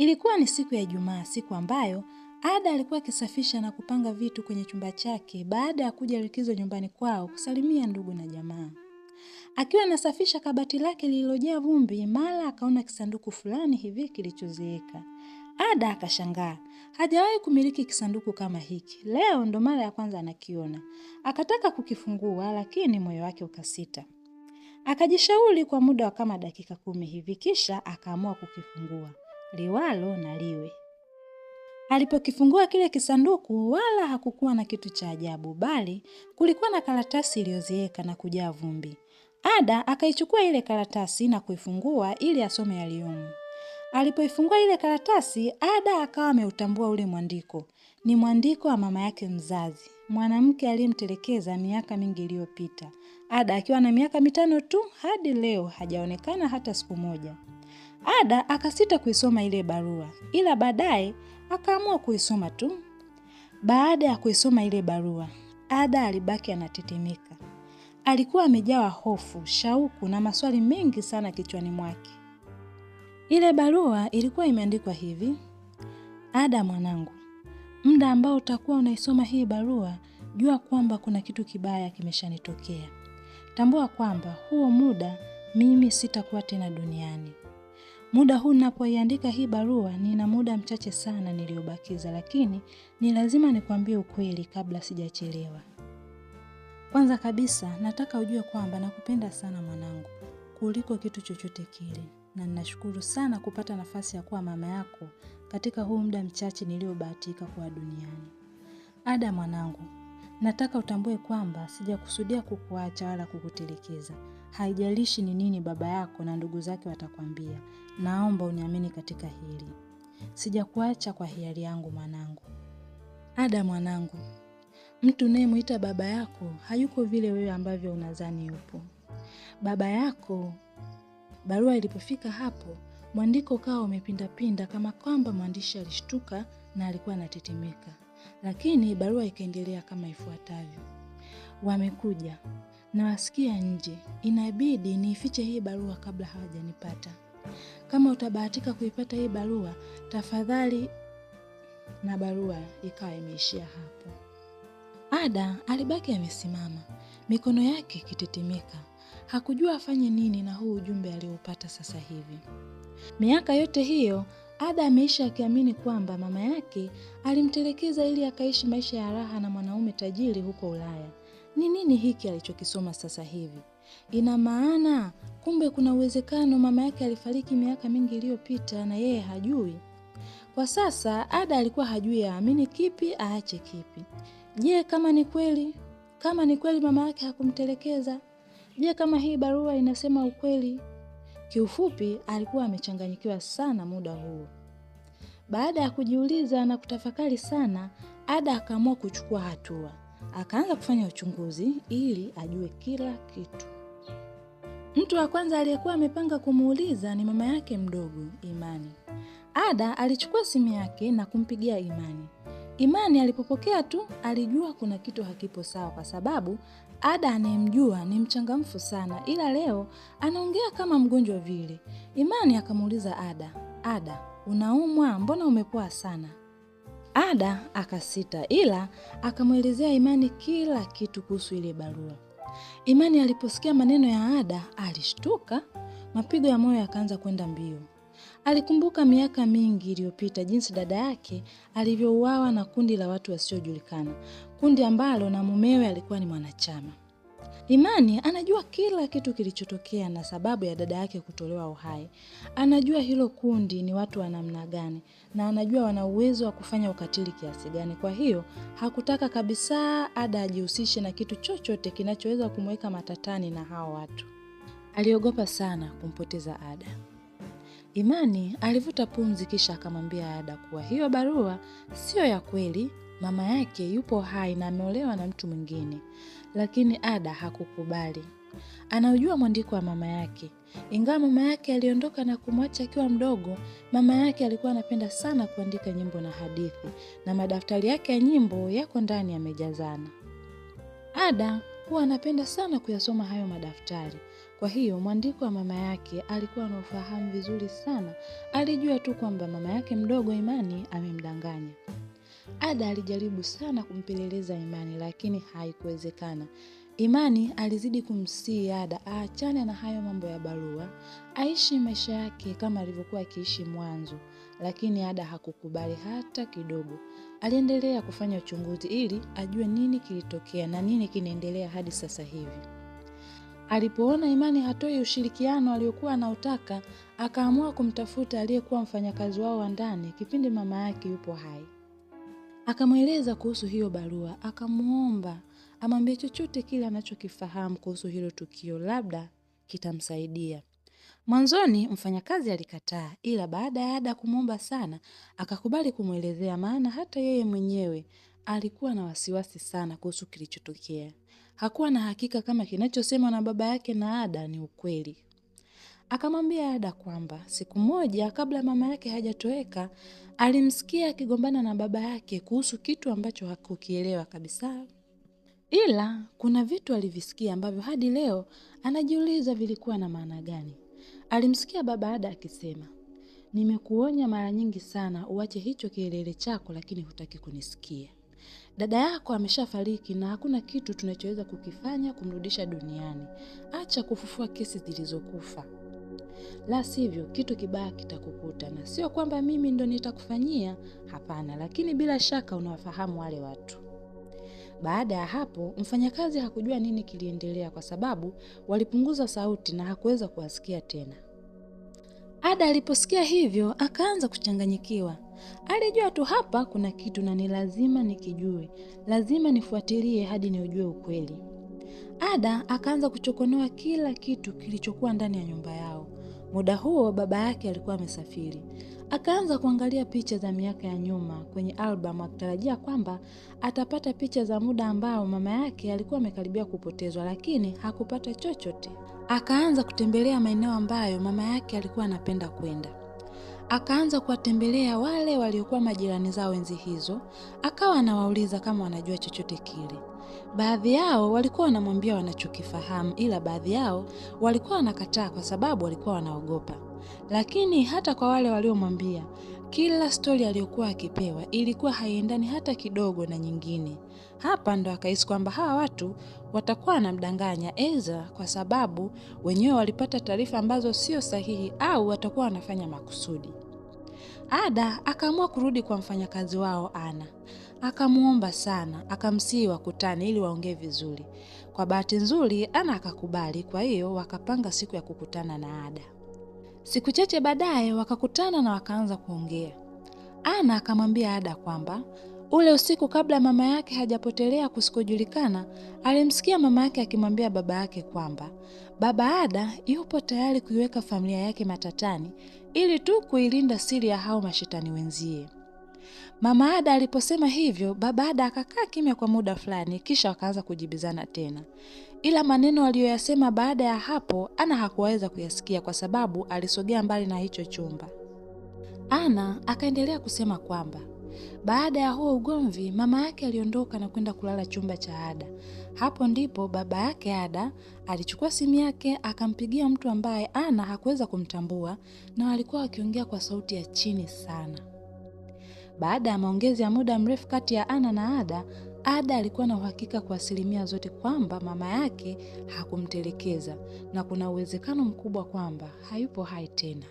Ilikuwa ni siku ya Ijumaa, siku ambayo Ada alikuwa akisafisha na kupanga vitu kwenye chumba chake baada ya kuja likizo nyumbani kwao kusalimia ndugu na jamaa. Akiwa anasafisha kabati lake lililojaa vumbi, mara akaona kisanduku fulani hivi kilichozeeka. Ada akashangaa, hajawahi kumiliki kisanduku kama hiki. Leo ndo mara ya kwanza anakiona. Akataka kukifungua, lakini moyo wake ukasita. Akajishauri kwa muda wa kama dakika kumi hivi, kisha akaamua kukifungua liwalo na liwe. Alipokifungua kile kisanduku wala hakukuwa na kitu cha ajabu, bali kulikuwa na karatasi iliyozeeka na kujaa vumbi. Ada akaichukua ile karatasi na kuifungua ili asome yaliyomo. Alipoifungua ile karatasi, Ada akawa ameutambua ule mwandiko. Ni mwandiko wa mama yake mzazi, mwanamke aliyemtelekeza miaka mingi iliyopita, Ada akiwa na miaka mitano tu. Hadi leo hajaonekana hata siku moja. Ada akasita kuisoma ile barua, ila baadaye akaamua kuisoma tu. Baada ya kuisoma ile barua, Ada alibaki anatetemeka. Alikuwa amejawa hofu, shauku na maswali mengi sana kichwani mwake. Ile barua ilikuwa imeandikwa hivi: Ada mwanangu, muda ambao utakuwa unaisoma hii barua, jua kwamba kuna kitu kibaya kimeshanitokea. Tambua kwamba huo muda mimi sitakuwa tena duniani. Muda huu ninapoiandika hii barua nina muda mchache sana niliobakiza, lakini ni lazima nikwambie ukweli kabla sijachelewa. Kwanza kabisa nataka ujue kwamba nakupenda sana mwanangu, kuliko kitu chochote kile, na ninashukuru sana kupata nafasi ya kuwa mama yako katika huu muda mchache niliobahatika kuwa duniani. Ada mwanangu, nataka utambue kwamba sijakusudia kukuacha wala kukutelekeza. Haijalishi ni nini baba yako na ndugu zake watakwambia, naomba uniamini katika hili. Sijakuacha kwa hiari yangu mwanangu. Ada mwanangu, mtu unayemwita baba yako hayuko vile wewe ambavyo unazani yupo. Baba yako barua ilipofika hapo, mwandiko ukawa umepindapinda kama kwamba mwandishi alishtuka na alikuwa anatetemeka, lakini barua ikaendelea kama ifuatavyo: wamekuja nawasikia nje, inabidi niifiche hii barua kabla hawajanipata. Kama utabahatika kuipata hii barua, tafadhali. Na barua ikawa imeishia hapo. Ada alibaki amesimama, mikono yake ikitetemeka. Hakujua afanye nini na huu ujumbe aliyoupata sasa hivi. Miaka yote hiyo Ada ameisha akiamini kwamba mama yake alimtelekeza ili akaishi maisha ya raha na mwanaume tajiri huko Ulaya, ni nini hiki alichokisoma sasa hivi? Ina maana kumbe kuna uwezekano mama yake alifariki miaka mingi iliyopita na yeye hajui. Kwa sasa Ada alikuwa hajui aamini kipi aache kipi. Je, kama ni kweli, kama ni kweli mama yake hakumtelekeza? Je, kama hii barua inasema ukweli? Kiufupi, alikuwa amechanganyikiwa sana muda huu. Baada ya kujiuliza na kutafakari sana, Ada akaamua kuchukua hatua akaanza kufanya uchunguzi ili ajue kila kitu. Mtu wa kwanza aliyekuwa amepanga kumuuliza ni mama yake mdogo Imani. Ada alichukua simu yake na kumpigia Imani. Imani alipopokea tu alijua kuna kitu hakipo sawa, kwa sababu Ada anayemjua ni mchangamfu sana, ila leo anaongea kama mgonjwa vile. Imani akamuuliza Ada, Ada, unaumwa? Mbona umepoa sana? Ada akasita, ila akamwelezea Imani kila kitu kuhusu ile barua. Imani aliposikia maneno ya Ada alishtuka, mapigo ya moyo yakaanza kwenda mbio. Alikumbuka miaka mingi iliyopita jinsi dada yake alivyouawa na kundi la watu wasiojulikana, kundi ambalo na mumewe alikuwa ni mwanachama. Imani anajua kila kitu kilichotokea na sababu ya dada yake kutolewa uhai. Anajua hilo kundi ni watu wa namna gani na anajua wana uwezo wa kufanya ukatili kiasi gani. Kwa hiyo hakutaka kabisa Ada ajihusishe na kitu chochote kinachoweza kumweka matatani na hao watu. Aliogopa sana kumpoteza Ada. Imani alivuta pumzi kisha akamwambia Ada kuwa hiyo barua siyo ya kweli Mama yake yupo hai na ameolewa na mtu mwingine, lakini Ada hakukubali. Anaujua mwandiko wa mama yake. Ingawa mama yake aliondoka na kumwacha akiwa mdogo, mama yake alikuwa anapenda sana kuandika nyimbo na hadithi, na madaftari yake ya nyimbo yako ndani yamejazana. Ada huwa anapenda sana kuyasoma hayo madaftari. Kwa hiyo mwandiko wa mama yake alikuwa ufahamu vizuri sana. Alijua tu kwamba mama yake mdogo Imani amemdanganya. Ada alijaribu sana kumpeleleza Imani lakini haikuwezekana. Imani alizidi kumsihi Ada aachane na hayo mambo ya barua, aishi maisha yake kama alivyokuwa akiishi mwanzo, lakini Ada hakukubali hata kidogo. Aliendelea kufanya uchunguzi ili ajue nini kilitokea na nini kinaendelea hadi sasa hivi. Alipoona Imani hatoi ushirikiano aliokuwa anautaka, akaamua kumtafuta aliyekuwa mfanyakazi wao wa ndani kipindi mama yake yupo hai. Akamweleza kuhusu hiyo barua, akamwomba amwambie chochote kile anachokifahamu kuhusu hilo tukio, labda kitamsaidia. Mwanzoni mfanyakazi alikataa, ila baada ya Ada kumwomba sana akakubali kumwelezea, maana hata yeye mwenyewe alikuwa na wasiwasi sana kuhusu kilichotokea. Hakuwa na hakika kama kinachosemwa na baba yake na Ada ni ukweli Akamwambia Ada kwamba siku moja kabla mama yake hajatoweka alimsikia akigombana na baba yake kuhusu kitu ambacho hakukielewa kabisa, ila kuna vitu alivisikia ambavyo hadi leo anajiuliza vilikuwa na maana gani. Alimsikia baba Ada akisema, nimekuonya mara nyingi sana uache hicho kielele chako, lakini hutaki kunisikia. Dada yako ameshafariki na hakuna kitu tunachoweza kukifanya kumrudisha duniani. Acha kufufua kesi zilizokufa la sivyo kitu kibaya kitakukuta, na sio kwamba mimi ndo nitakufanyia, hapana, lakini bila shaka unawafahamu wale watu. Baada ya hapo, mfanyakazi hakujua nini kiliendelea, kwa sababu walipunguza sauti na hakuweza kuwasikia tena. Ada aliposikia hivyo akaanza kuchanganyikiwa. Alijua tu hapa kuna kitu na ni lazima nikijue, lazima nifuatilie hadi niujue ukweli. Ada akaanza kuchokonoa kila kitu kilichokuwa ndani ya nyumba yao. Muda huo baba yake alikuwa amesafiri. Akaanza kuangalia picha za miaka ya nyuma kwenye albamu akitarajia kwamba atapata picha za muda ambao mama yake alikuwa amekaribia kupotezwa, lakini hakupata chochote. Akaanza kutembelea maeneo ambayo mama yake alikuwa anapenda kwenda. Akaanza kuwatembelea wale waliokuwa majirani zao enzi hizo, akawa anawauliza kama wanajua chochote kile. Baadhi yao walikuwa wanamwambia wanachokifahamu, ila baadhi yao walikuwa wanakataa kwa sababu walikuwa wanaogopa. Lakini hata kwa wale waliomwambia, kila stori aliyokuwa akipewa ilikuwa haiendani hata kidogo na nyingine. Hapa ndo akahisi kwamba hawa watu watakuwa wanamdanganya eza kwa sababu wenyewe walipata taarifa ambazo sio sahihi, au watakuwa wanafanya makusudi. Ada akaamua kurudi kwa mfanyakazi wao Ana. Akamwomba sana, akamsihi wakutane ili waongee vizuri. Kwa bahati nzuri, Ana akakubali, kwa hiyo wakapanga siku ya kukutana na Ada. Siku chache baadaye wakakutana na wakaanza kuongea. Ana akamwambia Ada kwamba ule usiku kabla mama yake hajapotelea kusikojulikana, alimsikia mama yake akimwambia baba yake kwamba Baba Ada yupo tayari kuiweka familia yake matatani ili tu kuilinda siri ya hao mashetani wenzie. Mama Ada aliposema hivyo, Baba Ada akakaa kimya kwa muda fulani, kisha wakaanza kujibizana tena, ila maneno aliyoyasema baada ya hapo Ana hakuweza kuyasikia kwa sababu alisogea mbali na hicho chumba. Ana akaendelea kusema kwamba baada ya huo ugomvi, mama yake aliondoka na kwenda kulala chumba cha Ada. Hapo ndipo baba yake Ada alichukua simu yake akampigia mtu ambaye Ana hakuweza kumtambua na walikuwa wakiongea kwa sauti ya chini sana. Baada ya maongezi ya muda mrefu kati ya Ana na Ada, Ada alikuwa na uhakika kwa asilimia zote kwamba mama yake hakumtelekeza na kuna uwezekano mkubwa kwamba hayupo hai tena.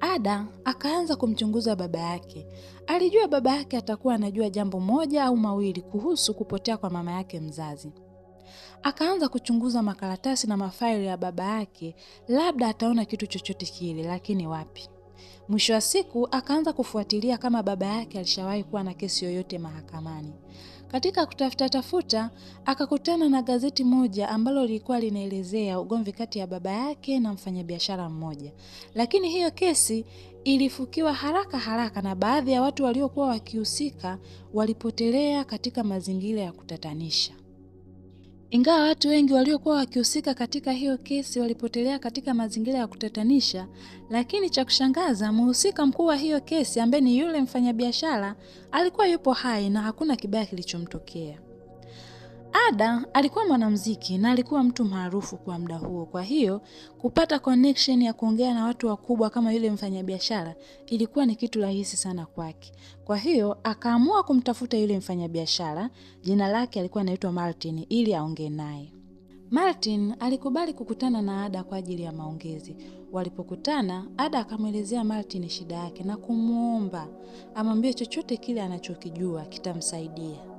Ada akaanza kumchunguza baba yake. Alijua baba yake atakuwa anajua jambo moja au mawili kuhusu kupotea kwa mama yake mzazi. Akaanza kuchunguza makaratasi na mafaili ya baba yake, labda ataona kitu chochote kile, lakini wapi. Mwisho wa siku akaanza kufuatilia kama baba yake alishawahi kuwa na kesi yoyote mahakamani. Katika kutafuta tafuta akakutana na gazeti moja ambalo lilikuwa linaelezea ugomvi kati ya baba yake na mfanyabiashara mmoja, lakini hiyo kesi ilifukiwa haraka haraka na baadhi ya watu waliokuwa wakihusika walipotelea katika mazingira ya kutatanisha. Ingawa watu wengi waliokuwa wakihusika katika hiyo kesi walipotelea katika mazingira ya kutatanisha, lakini cha kushangaza, mhusika mkuu wa hiyo kesi ambaye ni yule mfanyabiashara alikuwa yupo hai na hakuna kibaya kilichomtokea. Ada alikuwa mwanamuziki na alikuwa mtu maarufu kwa muda huo. Kwa hiyo kupata connection ya kuongea na watu wakubwa kama yule mfanyabiashara ilikuwa ni kitu rahisi sana kwake. Kwa hiyo akaamua kumtafuta yule mfanyabiashara, jina lake alikuwa anaitwa Martin, ili aongee naye. Martin alikubali kukutana na Ada kwa ajili ya maongezi. Walipokutana, Ada akamwelezea Martin shida yake na kumwomba amwambie chochote kile anachokijua kitamsaidia.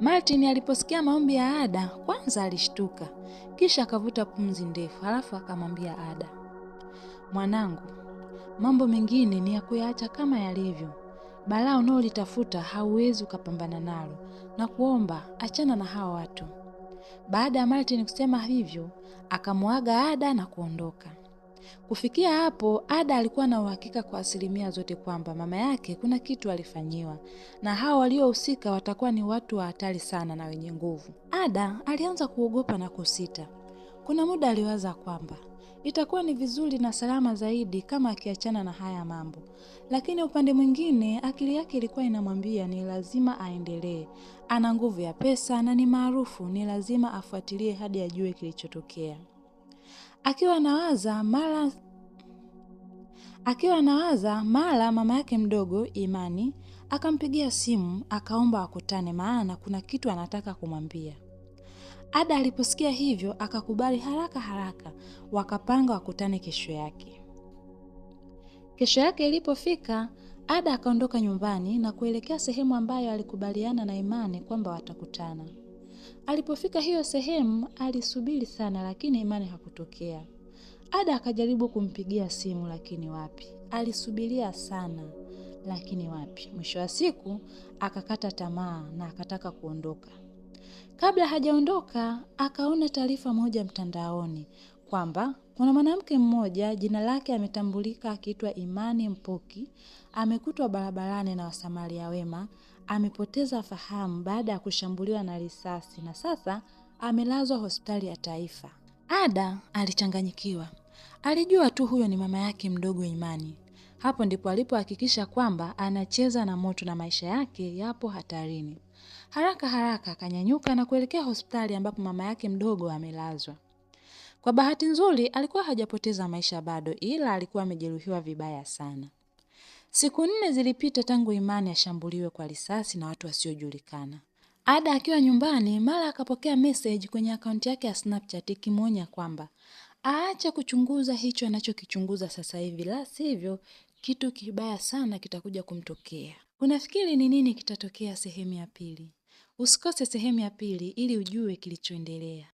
Martin aliposikia maombi ya Ada kwanza alishtuka, kisha akavuta pumzi ndefu, halafu akamwambia Ada, mwanangu, mambo mengine ni ya kuyaacha kama yalivyo. Balaa unaolitafuta hauwezi ukapambana nalo, na kuomba achana na hawa watu. Baada ya Martin kusema hivyo, akamwaga Ada na kuondoka. Kufikia hapo, Ada alikuwa na uhakika kwa asilimia zote kwamba mama yake kuna kitu alifanyiwa, na hao waliohusika watakuwa ni watu wa hatari sana na wenye nguvu. Ada alianza kuogopa na kusita. Kuna muda aliwaza kwamba itakuwa ni vizuri na salama zaidi kama akiachana na haya mambo, lakini upande mwingine akili yake ilikuwa inamwambia ni lazima aendelee. Ana nguvu ya pesa na ni maarufu, ni lazima afuatilie hadi ajue kilichotokea. Akiwa anawaza mara akiwa anawaza mara mama yake mdogo Imani akampigia simu akaomba wakutane, maana kuna kitu anataka kumwambia. Ada aliposikia hivyo akakubali haraka haraka, wakapanga wakutane kesho yake. Kesho yake ilipofika, Ada akaondoka nyumbani na kuelekea sehemu ambayo alikubaliana na Imani kwamba watakutana. Alipofika hiyo sehemu alisubiri sana, lakini Imani hakutokea. Ada akajaribu kumpigia simu, lakini wapi. Alisubiria sana, lakini wapi. Mwisho wa siku akakata tamaa na akataka kuondoka. Kabla hajaondoka, akaona taarifa moja mtandaoni kwamba kuna mwanamke mmoja jina lake ametambulika akiitwa Imani Mpoki amekutwa barabarani na wasamaria wema amepoteza fahamu baada ya kushambuliwa na risasi na sasa amelazwa hospitali ya taifa. Ada alichanganyikiwa, alijua tu huyo ni mama yake mdogo Imani. Hapo ndipo alipohakikisha kwamba anacheza na moto na maisha yake yapo hatarini. Haraka haraka akanyanyuka na kuelekea hospitali ambapo mama yake mdogo amelazwa. Kwa bahati nzuri alikuwa hajapoteza maisha bado, ila alikuwa amejeruhiwa vibaya sana. Siku nne zilipita tangu Imani ashambuliwe kwa risasi na watu wasiojulikana. Ada akiwa nyumbani, mara akapokea message kwenye akaunti yake ya Snapchat ikimwonya kwamba aache kuchunguza hicho anachokichunguza sasa hivi, la sivyo kitu kibaya sana kitakuja kumtokea. Unafikiri ni nini kitatokea sehemu ya pili? Usikose sehemu ya pili ili ujue kilichoendelea.